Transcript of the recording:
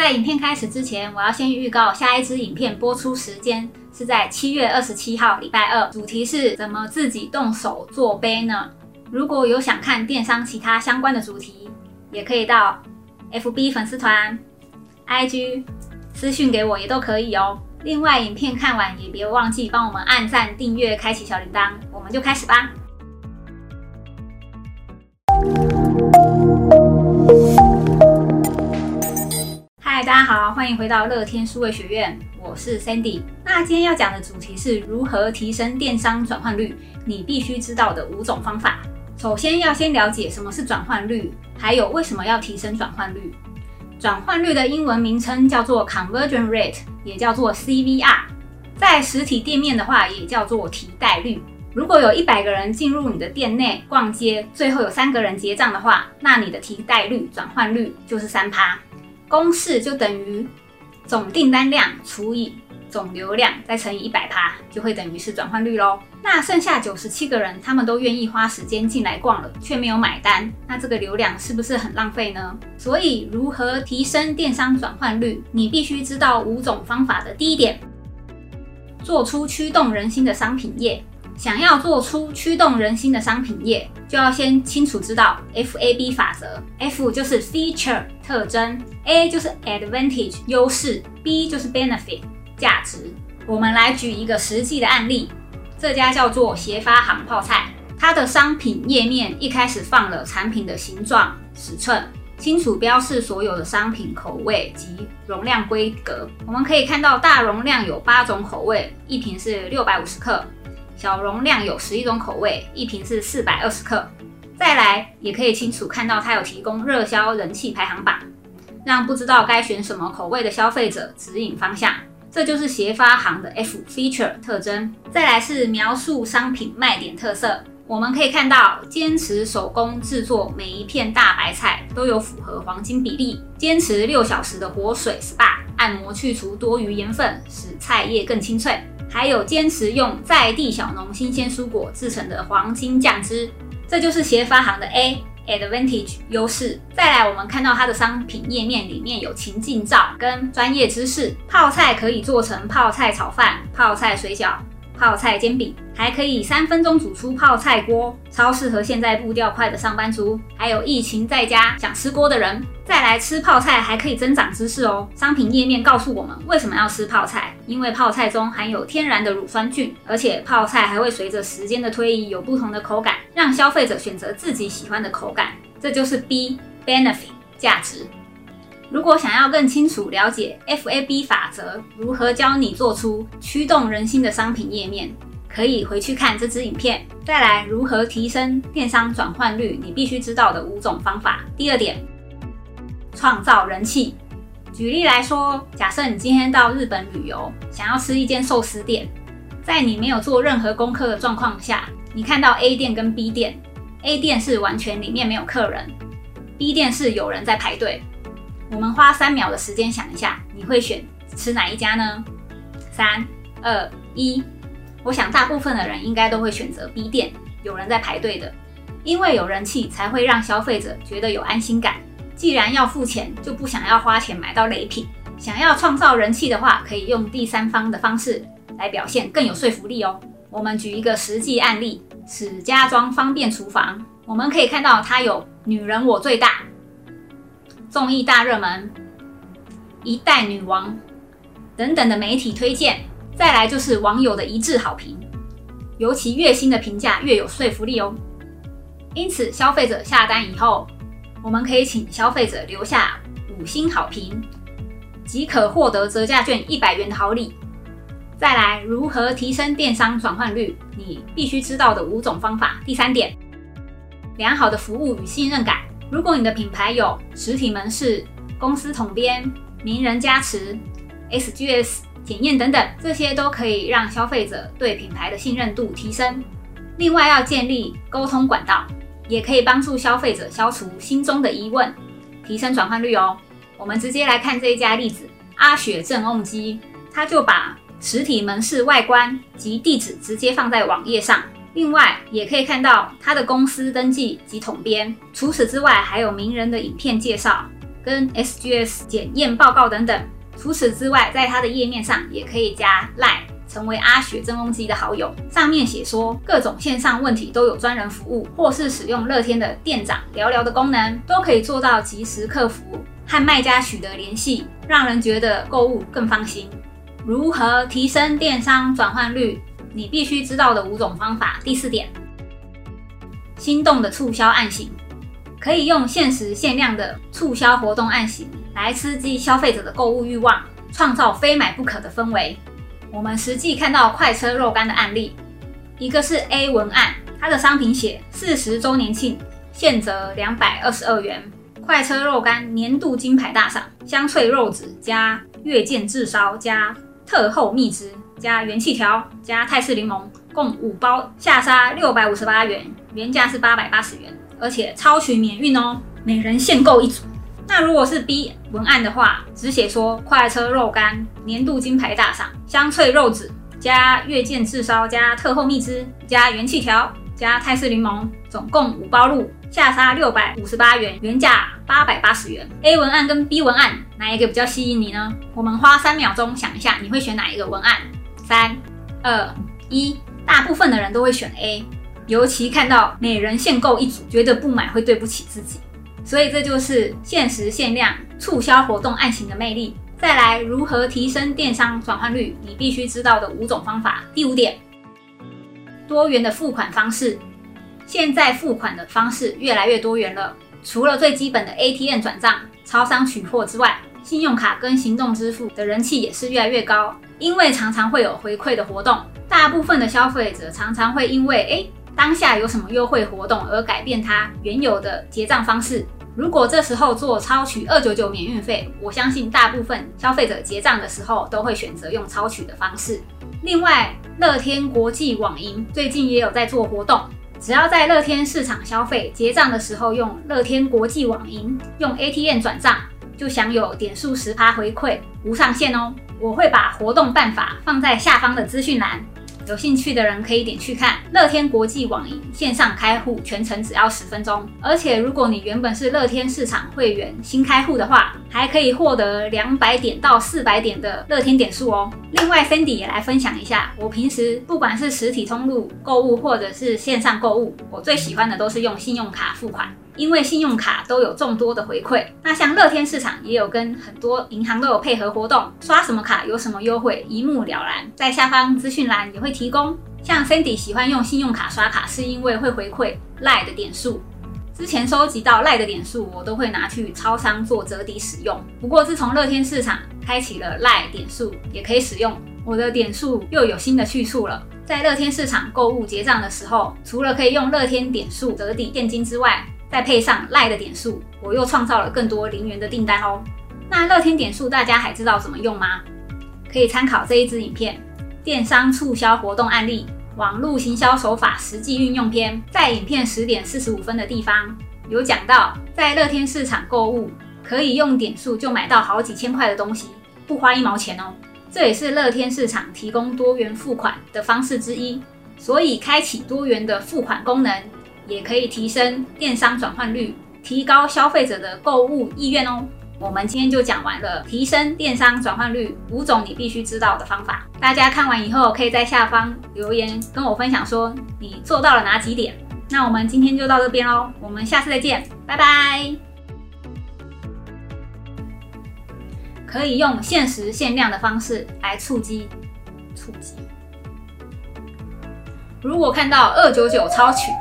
在影片開始之前，我要先預告下一支影片播出時間是在七月二十七號，禮拜二。主題是怎麼自己動手做 banner？如果有想看電商其他相關的主題，也可以到 FB 粉絲團、IG 私訊給我，也都可以哦。另外，影片看完也別忘記幫我們按讚、訂閱、開啟小鈴鐺。我們就開始吧。大家好，歡迎回到樂天數位學院，我是 Sandy。那今天要講的主題是如何提升電商轉換率，你必須知道的五種方法。首先要先了解什麼是轉換率，還有為什麼要提升轉換率。轉換率的英文名稱叫做 Conversion Rate，也叫做 CVR。在實體店面的話，也叫做提袋率。如果有一百個人進入你的店內逛街，最後有三個人結賬的話，那你的提袋率轉換率就是三趴。公式就等於總訂單量除以總流量再乘以一百趴，就會等於是轉換率咯。那剩下九十七個人，他們都願意花時間進來逛了，卻沒有買單，那這個流量是不是很浪費呢？所以，如何提升電商轉換率，你必須知道五種方法的第一點，做出驅動人心的商品頁。想要做出驅動人心的商品頁，就要先清楚知道 F A B 法則。F 就是 feature 特徵，A 就是 advantage 優勢，B 就是 benefit 價值。我們來舉一個實際的案例，這家叫做協發行泡菜，它的商品頁面一開始放了產品的形狀、尺寸，清楚標示所有的商品口味及容量規格。我們可以看到大容量有八種口味，一瓶是六百五十克。小容量有十一種口味，一瓶是四百二十克。再來，也可以清楚看到它有提供熱銷人氣排行榜，讓不知道該選什麼口味的消費者指引方向。這就是協發行的 F feature 特徵。再來是描述商品賣點特色，我們可以看到堅持手工制作，每一片大白菜都有符合黃金比例，堅持六小時的活水 SPA 按摩去除多餘鹽分，使菜葉更清脆。還有堅持用在地小農新鮮蔬果制成的黃金醬汁，這就是協發行的 A Advantage 優勢。再來，我們看到它的商品頁面裡面有情境照跟專業知識，泡菜可以做成泡菜炒飯、泡菜水餃，泡菜煎餅還可以三分鐘煮出泡菜鍋，超適合現在步調快的上班族，還有疫情在家想吃鍋的人。再來吃泡菜還可以增長知識哦。商品頁面告訴我們為什麼要吃泡菜，因為泡菜中含有天然的乳酸菌，而且泡菜還會隨着時間的推移有不同的口感，讓消費者選擇自己喜歡的口感。這就是 B benefit 價值。如果想要更清楚了解 FAB 法則如何教你做出驅動人心的商品頁面，可以回去看這支影片。再來，如何提升電商轉換率？你必須知道的五種方法。第二點，創造人氣。舉例來說，假設你今天到日本旅遊，想要吃一間壽司店，在你沒有做任何功課的狀況下，你看到 A 店跟 B 店，A 店是完全裡面沒有客人，B 店是有人在排隊。我們花三秒的時間想一下，你會選吃哪一家呢？三二一，我想大部分的人應該都會選擇 B 店，有人在排隊的，因為有人氣才會讓消費者覺得有安心感。既然要付錢，就不想要花錢買到雷品。想要創造人氣的話，可以用第三方的方式來表現，更有說服力哦。我們舉一個實際案例，史家莊方便廚房，我們可以看到它有“女人我最大”。綜藝大熱門、一代女王等等的媒體推薦，再來就是網友的一致好評，尤其越新的評價越有說服力哦。因此，消費者下單以後，我們可以請消費者留下五星好評，即可獲得折價券一百元的好禮。再來，如何提升電商轉換率？你必須知道的五種方法。第三點，良好的服務與信任感。如果你的品牌有實體門市、公司統編、名人加持、SGS 檢驗等等，這些都可以讓消費者對品牌的信任度提升。另外，要建立溝通管道，也可以幫助消費者消除心中的疑問，提升轉換率哦。我們直接來看這一家例子——阿雪正甕雞，它就把實體門市外觀及地址直接放在網頁上。另外也可以看到他的公司登記及統編，除此之外還有名人的影片介紹、跟 SGS 檢驗報告等等。除此之外，在他的頁面上也可以加 LINE 成為阿雪真風機的好友。上面寫說，各種線上問題都有專人服務，或是使用樂天的店長聊聊的功能，都可以做到即時客服和賣家取得聯繫，讓人覺得購物更放心。如何提升電商轉換率？你必須知道的五種方法。第四點，心動的促銷案型，可以用限時限量的促銷活動案型來刺激消費者的購物慾望，創造非買不可的氛圍。我們實際看到快車肉乾的案例，一個是 A 文案，它的商品寫四十周年慶，現折兩百二十二元，快車肉乾年度金牌大賞，香脆肉質加月見炙燒加特厚蜜汁。加元氣條加泰式檸檬，共五包，下殺六百五十八元，原價是八百八十元，而且超群免運哦，每人限購一組。那如果是 B 文案的話，只寫說快車肉乾年度金牌大賞，香脆肉紙，加月見炙燒加特厚蜜汁加元氣條加泰式檸檬，總共五包入，下殺六百五十八元，原價八百八十元。A 文案跟 B 文案哪一個比較吸引你呢？我們花三秒鐘想一下，你會選哪一個文案？三、二、一，大部分的人都會選 A，尤其看到每人限購一組，覺得不買會對不起自己，所以這就是限時限量促銷活動案型的魅力。再來，如何提升電商轉換率？你必須知道的五種方法。第五點，多元的付款方式，現在付款的方式越來越多元了，除了最基本的 ATM 轉賬、超商取貨之外。信用卡跟行動支付的人氣也是越來越高，因為常常會有回饋的活動。大部分的消費者常常會因為哎、欸、當下有什麼優惠活動而改變他原有的結賬方式。如果這時候做超取二九九免運費，我相信大部分消費者結賬的時候都會選擇用超取的方式。另外，樂天國際網銀最近也有在做活動，只要在樂天市場消費，結賬的時候用樂天國際網銀用 ATM 轉賬。就享有點數十趴回饋，無上限哦。我會把活動辦法放在下方的資訊欄，有興趣的人可以點去看。樂天國際網銀線上開戶，全程只要十分鐘。而且如果你原本是樂天市場會員新開戶的話，還可以獲得兩百點到四百點的樂天點數哦。另外，芬迪也來分享一下，我平時不管是實體通路購物或者是線上購物，我最喜歡的都是用信用卡付款。因為信用卡都有眾多的回饋，那像樂天市場也有跟很多銀行都有配合活動，刷什麼卡有什麼優惠，一目了然，在下方資訊欄也會提供。像 Sandy 喜歡用信用卡刷卡，是因為會回饋 LINE 的點數。之前收集到 LINE 的點數，我都會拿去超商做折抵使用。不過自從樂天市場開啟了 LINE 點數也可以使用，我的點數又有新的去處了。在樂天市場購物結賬的時候，除了可以用樂天點數折抵現金之外，再配上 LINE 的點數，我又創造了更多零元的訂單哦。那樂天點數大家還知道怎麼用嗎？可以參考這一支影片《電商促銷活動案例：網絡行銷手法實際運用篇》。在影片十點四十五分的地方，有講到在樂天市場購物可以用點數就買到好幾千塊的東西，不花一毛錢哦。這也是樂天市場提供多元付款的方式之一，所以開啟多元的付款功能。也可以提升電商轉換率，提高消費者的購物意願哦。我們今天就講完了提升電商轉換率五種你必須知道的方法。大家看完以後可以在下方留言跟我分享說，說你做到了哪幾點。那我們今天就到這邊嘍，我們下次再見，拜拜。可以用限時限量的方式來促進，促進。如果看到二九九超群。